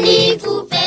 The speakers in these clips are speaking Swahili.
Mani Coupe.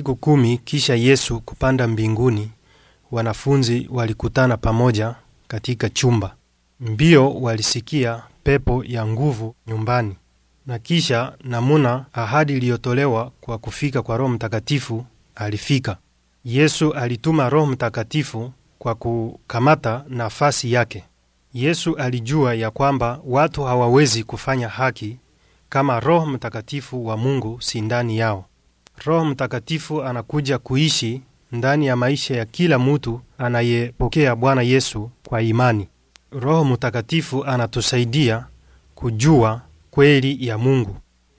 siku kumi kisha Yesu kupanda mbinguni, wanafunzi walikutana pamoja katika chumba. Mbio walisikia pepo ya nguvu nyumbani, na kisha namuna ahadi iliyotolewa kwa kufika kwa Roho Mtakatifu alifika. Yesu alituma Roho Mtakatifu kwa kukamata nafasi yake. Yesu alijua ya kwamba watu hawawezi kufanya haki kama Roho Mtakatifu wa Mungu si ndani yao. Roho Mtakatifu anakuja kuishi ndani ya maisha ya kila mutu anayepokea Bwana Yesu kwa imani. Roho Mtakatifu anatusaidia kujua kweli ya Mungu.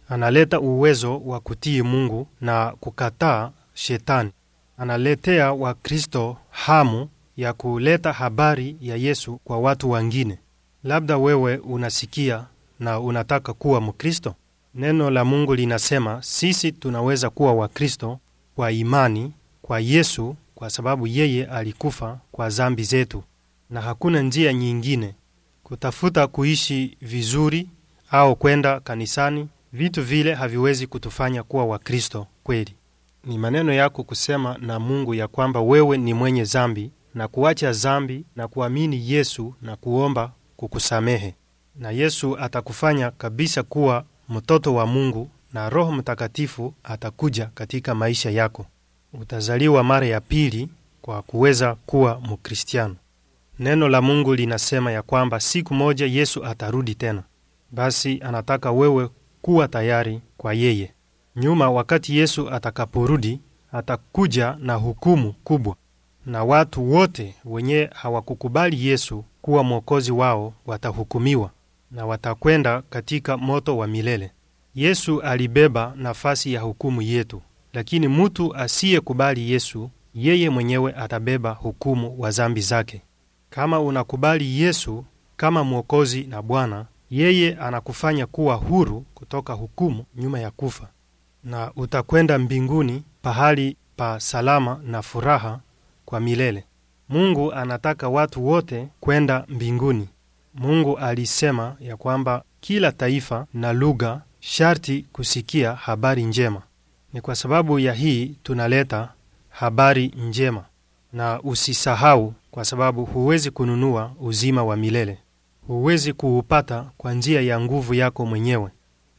Analeta uwezo wa kutii Mungu na kukataa shetani. Analetea Wakristo hamu ya kuleta habari ya Yesu kwa watu wengine. Labda wewe unasikia na unataka kuwa Mkristo. Neno la Mungu linasema sisi tunaweza kuwa Wakristo kwa imani kwa Yesu kwa sababu yeye alikufa kwa zambi zetu, na hakuna njia nyingine. Kutafuta kuishi vizuri au kwenda kanisani, vitu vile haviwezi kutufanya kuwa Wakristo kweli. Ni maneno yako kusema na Mungu ya kwamba wewe ni mwenye zambi na kuacha zambi na kuamini Yesu na kuomba kukusamehe, na Yesu atakufanya kabisa kuwa mtoto wa Mungu na Roho Mtakatifu atakuja katika maisha yako. Utazaliwa mara ya pili kwa kuweza kuwa Mkristiano. Neno la Mungu linasema ya kwamba siku moja Yesu atarudi tena. Basi anataka wewe kuwa tayari kwa yeye. Nyuma, wakati Yesu atakaporudi, atakuja na hukumu kubwa, na watu wote wenye hawakukubali Yesu kuwa mwokozi wao watahukumiwa na watakwenda katika moto wa milele. Yesu alibeba nafasi ya hukumu yetu, lakini mutu asiyekubali Yesu, yeye mwenyewe atabeba hukumu wa zambi zake. Kama unakubali Yesu kama Mwokozi na Bwana, yeye anakufanya kuwa huru kutoka hukumu nyuma ya kufa, na utakwenda mbinguni, pahali pa salama na furaha kwa milele. Mungu anataka watu wote kwenda mbinguni. Mungu alisema ya kwamba kila taifa na lugha sharti kusikia habari njema. Ni kwa sababu ya hii tunaleta habari njema, na usisahau, kwa sababu huwezi kununua uzima wa milele, huwezi kuupata kwa njia ya nguvu yako mwenyewe.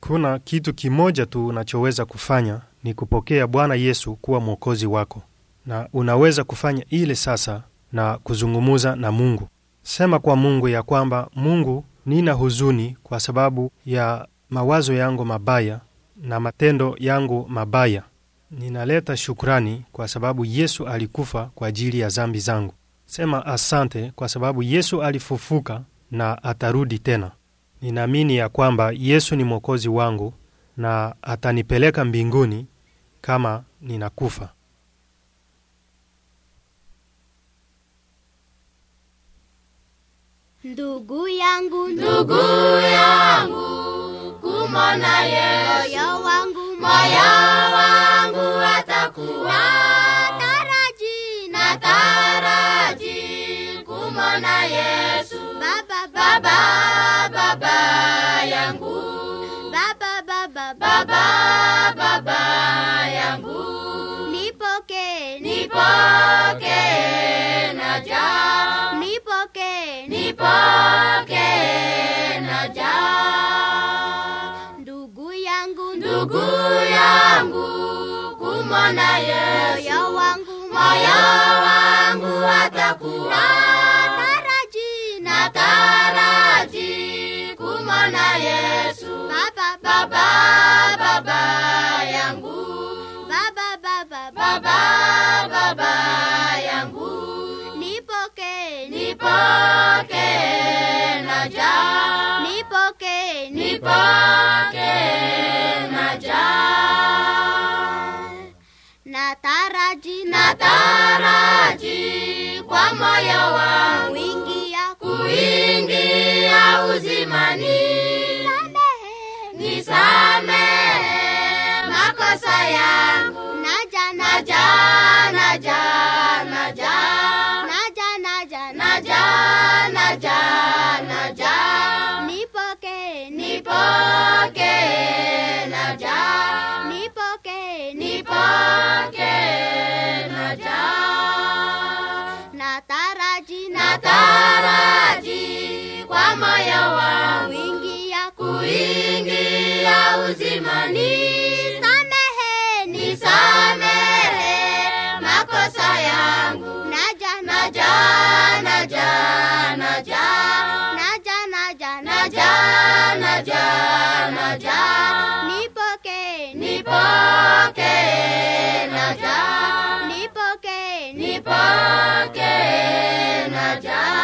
Kuna kitu kimoja tu unachoweza kufanya, ni kupokea Bwana Yesu kuwa mwokozi wako, na unaweza kufanya ile sasa na kuzungumuza na Mungu. Sema kwa Mungu ya kwamba Mungu, nina huzuni kwa sababu ya mawazo yangu mabaya na matendo yangu mabaya. Ninaleta shukrani kwa sababu Yesu alikufa kwa ajili ya zambi zangu. Sema asante kwa sababu Yesu alifufuka na atarudi tena. Ninaamini ya kwamba Yesu ni mwokozi wangu na atanipeleka mbinguni kama ninakufa. Ndugu yangu, ndugu yangu, kumona Yesu, moyo wangu, moyo wangu atakuwa taraji, na taraji kumona Yesu, baba, baba, baba yangu, baba, baba, baba, baba yangu, nipoke, nipoke naja, nipoke yangu kumona Yesu, moyo wangu, atakuwa taraji na taraji kumona Yesu baba, baba, baba yangu baba, baba, baba, baba yangu nipoke, nipoke naja nipoke, nipoke. nataraji kwa moyo wangu kuingia, kuingia uzimani. Nisamehe makosa yangu naja, naja, naja, naja, naja, naja, naja, naja, naja. maji kwa moyo wangu kuingia uzimani. ni samehe makosa yangu, naja naja naja naja naja naja naja naja naja nipoke nipoke naja nipoke, nipoke, naja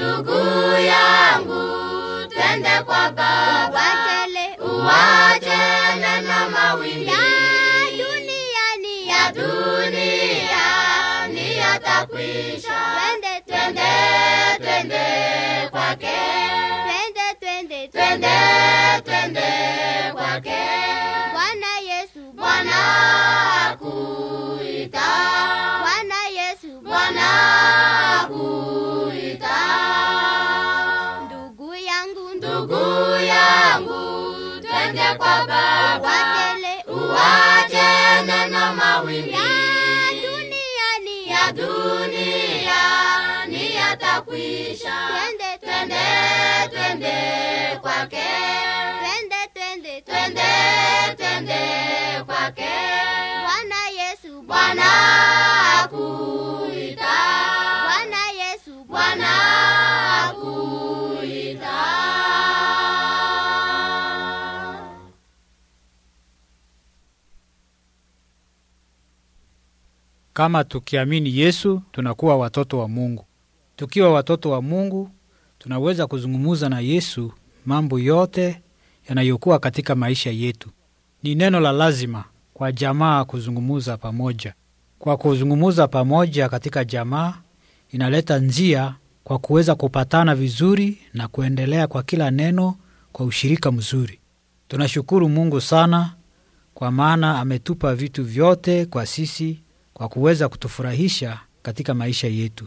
ndugu yangu, twende kwa Baba, uwachane na mawimbi ya dunia, ni ya dunia ni yatakwisha. Twende, twende, twende kwake, twende, twende, twende, twende kwake Bwana Yesu, Bwana akuita Bwana kuita ndugu yangu, ndugu yangu, twende kwa Baba, uwache neno mawili ya dunia, ni ya dunia ni yatakwisha. Twende, twende, twende kwake, twende, twende, twende, twende kwake. Bwana Yesu, Bwana akuita Kama tukiamini Yesu tunakuwa watoto wa Mungu. Tukiwa watoto wa Mungu, tunaweza kuzungumuza na Yesu mambo yote yanayokuwa katika maisha yetu. Ni neno la lazima kwa jamaa kuzungumuza pamoja. Kwa kuzungumuza pamoja katika jamaa inaleta njia kwa kuweza kupatana vizuri na kuendelea kwa kila neno kwa ushirika mzuri. Tunashukuru Mungu sana kwa maana ametupa vitu vyote kwa sisi kwa kuweza kutufurahisha katika maisha yetu.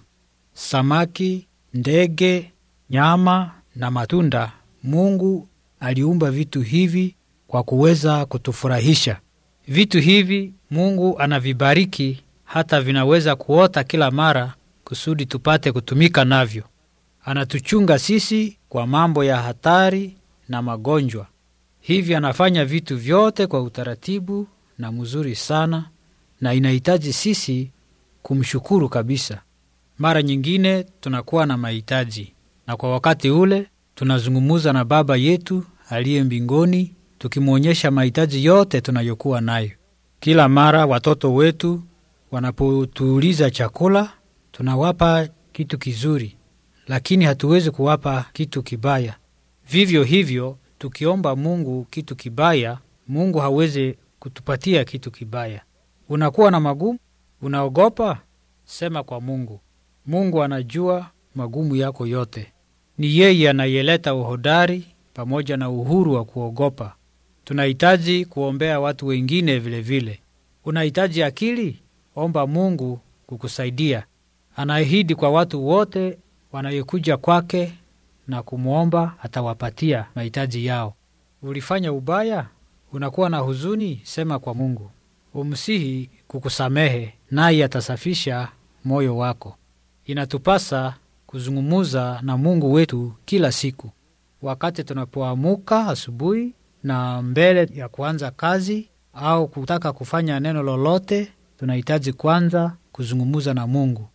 Samaki, ndege, nyama na matunda, Mungu aliumba vitu hivi kwa kuweza kutufurahisha. Vitu hivi Mungu anavibariki hata vinaweza kuota kila mara kusudi tupate kutumika navyo. Anatuchunga sisi kwa mambo ya hatari na magonjwa. Hivi anafanya vitu vyote kwa utaratibu na mzuri sana na inahitaji sisi kumshukuru kabisa. Mara nyingine tunakuwa na mahitaji, na kwa wakati ule tunazungumuza na Baba yetu aliye mbinguni, tukimwonyesha mahitaji yote tunayokuwa nayo. Kila mara watoto wetu wanapotuuliza chakula, tunawapa kitu kizuri, lakini hatuwezi kuwapa kitu kibaya. Vivyo hivyo, tukiomba Mungu kitu kibaya, Mungu hawezi kutupatia kitu kibaya. Unakuwa na magumu, unaogopa? Sema kwa Mungu. Mungu anajua magumu yako yote. Ni yeye anayeleta uhodari pamoja na uhuru wa kuogopa. Tunahitaji kuombea watu wengine vilevile vile. Unahitaji akili, omba Mungu kukusaidia. Anaahidi kwa watu wote wanayekuja kwake na kumwomba atawapatia mahitaji yao. Ulifanya ubaya, unakuwa na huzuni, sema kwa Mungu umsihi kukusamehe, naye atasafisha moyo wako. Inatupasa kuzungumuza na Mungu wetu kila siku, wakati tunapoamuka asubuhi na mbele ya kuanza kazi au kutaka kufanya neno lolote, tunahitaji kwanza kuzungumuza na Mungu.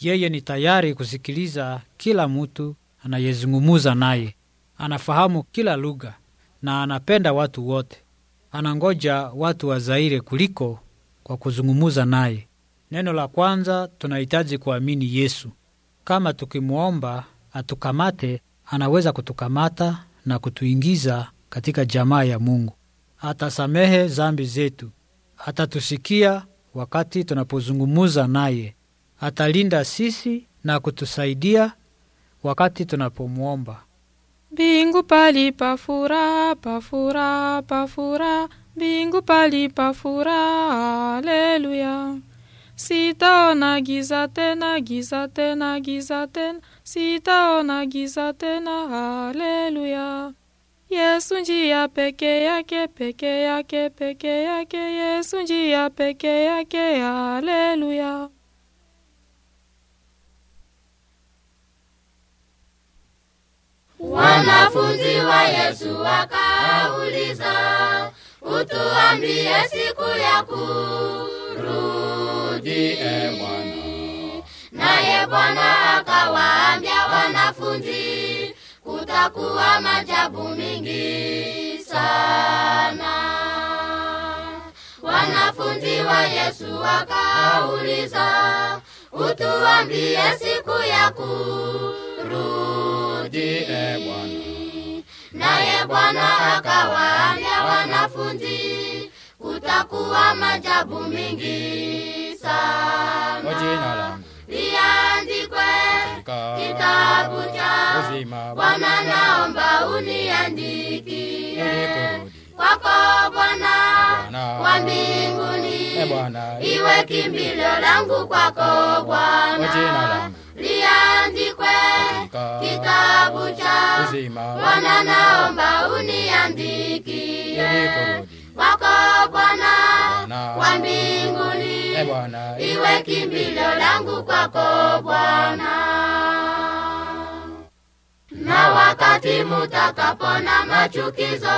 Yeye ni tayari kusikiliza kila mtu anayezungumuza naye, anafahamu kila lugha na anapenda watu wote anangoja watu wa Zaire kuliko kwa kuzungumuza naye. Neno la kwanza, tunahitaji kuamini Yesu. Kama tukimwomba atukamate, anaweza kutukamata na kutuingiza katika jamaa ya Mungu. Atasamehe zambi zetu, atatusikia wakati tunapozungumuza naye, atalinda sisi na kutusaidia wakati tunapomwomba. Bingu pali pafura, pafura, pafura, bingu pali pafura, aleluya. Sitaona giza tena, giza tena, giza tena, sitaona giza tena, haleluya. Yesu njia peke yake, peke yake, peke yake, Yesu njia peke yake, Alleluia. Wanafunzi wa Yesu wakauliza, utuambie siku ya kurudi, e Bwana. Naye Bwana akawaambia wanafunzi, kutakuwa majabu mingi sana. Wanafunzi wa Yesu wakauliza, utuambie siku ya kurudi maji e Bwana. Naye Bwana akawaambia wanafunzi, kutakuwa majabu mingi sana kwa liandikwe kitabu cha Bwana, naomba uniandikie kwako Bwana wa mbinguni, ee iwe kimbilio langu kwako Bwana kiandikwe kitabu cha uzima. Bwana, naomba uniandikie wako Bwana wa mbinguni, e iwe kimbilio langu kwako Bwana na wakati mutakapona machukizo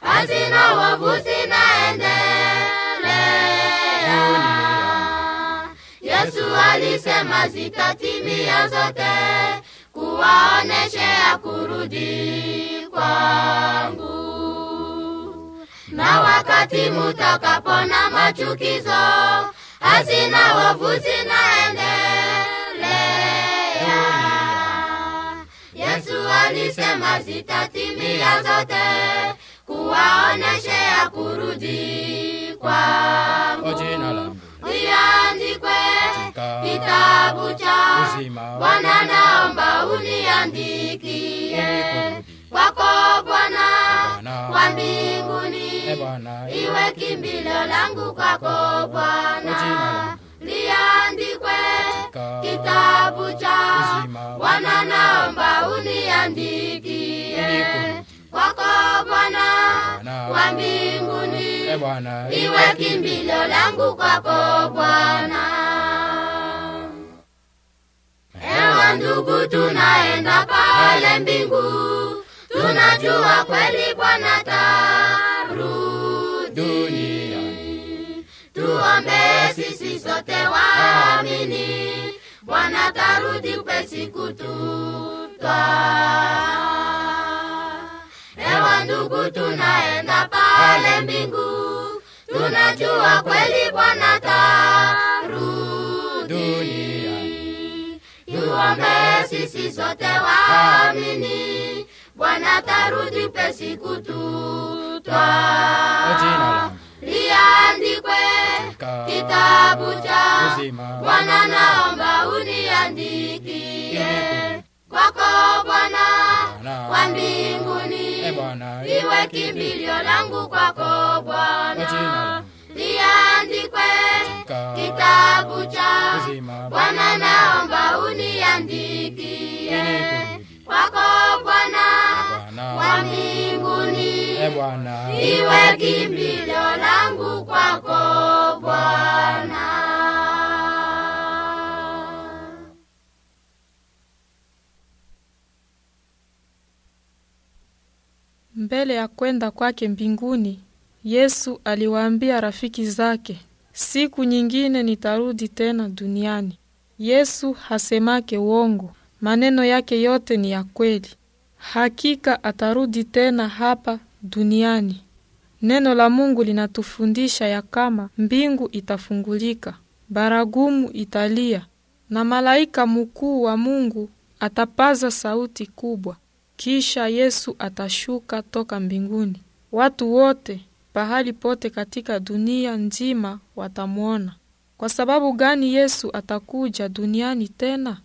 hazina wavu zinaendelea Yesu alisema zitatimia zote, kuwaoneshea kurudi kwangu. Na wakati mutakapona machukizo, hazina wovu zinaendelea. Yesu alisema zitatimia zote, kuwaoneshea kurudi kwangu. Kwa jina langu liandikwe kitabu cha uzima. Bwana, naomba uniandikie kwako Bwana wa mbinguni, e iwe kimbilio langu kwako Bwana, liandikwe kitabu cha Bwana, naomba uniandikie kwako Bwana wa mbinguni, e iwe kimbilio langu kwako Bwana. Ewa ndugu, tunaenda pale mbingu, tunajua kweli Bwana tarudi. Tuombe sisi sote waamini, Bwana tarudi upesi kututwaa Mungu tunaenda pale mbingu, tunajua kweli Bwana tarudi. Tuombee sisi sote waamini, Bwana tarudi pe siku liandikwe kitabu cha Bwana, naomba uniandikie kwako Bwana wa mbinguni Ee iwe kimbilio langu kwako Bwana, liandikwe kitabu cha Bwana, naomba uniandikie kwako Bwana wa mbinguni, ee iwe kimbilio langu Mbele ya kwenda kwake mbinguni, Yesu aliwaambia rafiki zake, siku nyingine nitarudi tena duniani. Yesu hasemake uongo, maneno yake yote ni ya kweli. Hakika atarudi tena hapa duniani. Neno la Mungu linatufundisha ya kama mbingu itafungulika, baragumu italia, na malaika mkuu wa Mungu atapaza sauti kubwa. Kisha Yesu atashuka toka mbinguni. Watu wote pahali pote katika dunia nzima watamwona. Kwa sababu gani Yesu atakuja duniani tena?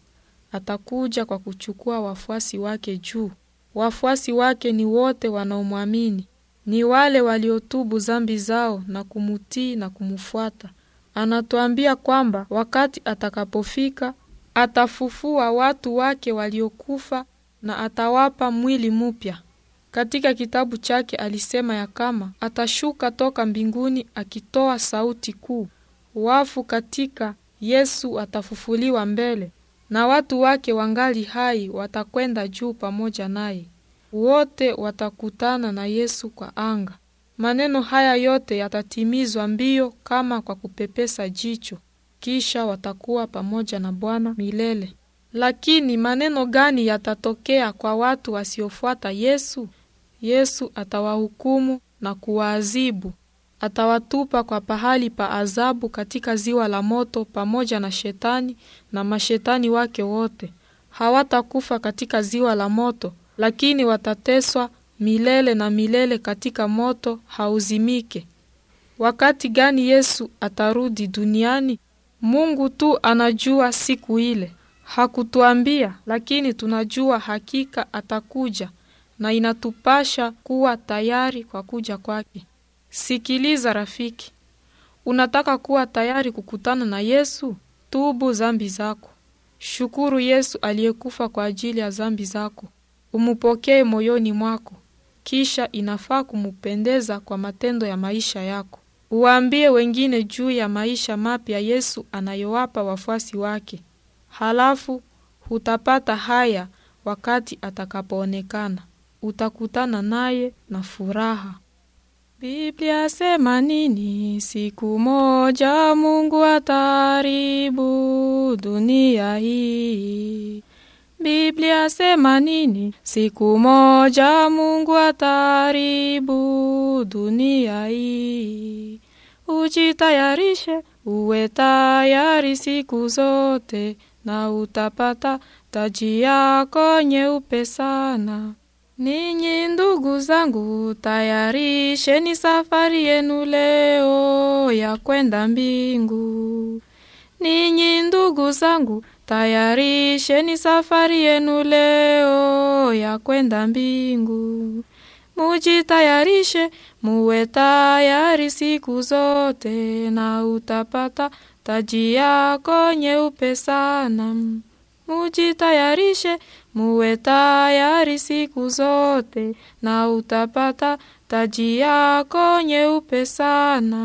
Atakuja kwa kuchukua wafuasi wake juu. Wafuasi wake ni wote wanaomwamini, ni wale waliotubu zambi zao na kumutii na kumufuata Anatuambia kwamba wakati atakapofika atafufua watu wake waliokufa na atawapa mwili mupya. Katika kitabu chake alisema ya kama atashuka toka mbinguni akitoa sauti kuu, wafu katika Yesu atafufuliwa mbele, na watu wake wangali hai watakwenda juu pamoja naye, wote watakutana na Yesu kwa anga. Maneno haya yote yatatimizwa mbio kama kwa kupepesa jicho, kisha watakuwa pamoja na Bwana milele. Lakini maneno gani yatatokea kwa watu wasiofuata Yesu? Yesu atawahukumu na kuwaadhibu. Atawatupa kwa pahali pa adhabu katika ziwa la moto pamoja na shetani na mashetani wake wote. Hawatakufa katika ziwa la moto, lakini watateswa milele na milele katika moto hauzimike. Wakati gani Yesu atarudi duniani? Mungu tu anajua siku ile. Hakutuambia, lakini tunajua hakika atakuja na inatupasha kuwa tayari kwa kuja kwake. Sikiliza rafiki, unataka kuwa tayari kukutana na Yesu? Tubu zambi zako, shukuru Yesu aliyekufa kwa ajili ya zambi zako, umupokee moyoni mwako, kisha inafaa kumupendeza kwa matendo ya maisha yako. Uwaambie wengine juu ya maisha mapya Yesu anayowapa wafuasi wake halafu hutapata haya wakati atakapoonekana, utakutana naye na furaha. Biblia sema nini? Siku moja Mungu ataharibu dunia hii. Biblia sema nini? Siku moja Mungu ataharibu dunia hii. Ujitayarishe, uwe tayari siku zote na utapata taji yako nyeupe sana. Ninyi ndugu zangu, tayarisheni safari yenu leo ya kwenda mbingu. Ninyi ndugu zangu, tayarisheni safari yenu leo ya kwenda mbingu. Mujitayarishe, muwe tayari siku zote, na utapata taji yako nyeupe sana, mujitayarishe, muwe tayari siku zote, na utapata taji yako nyeupe sana.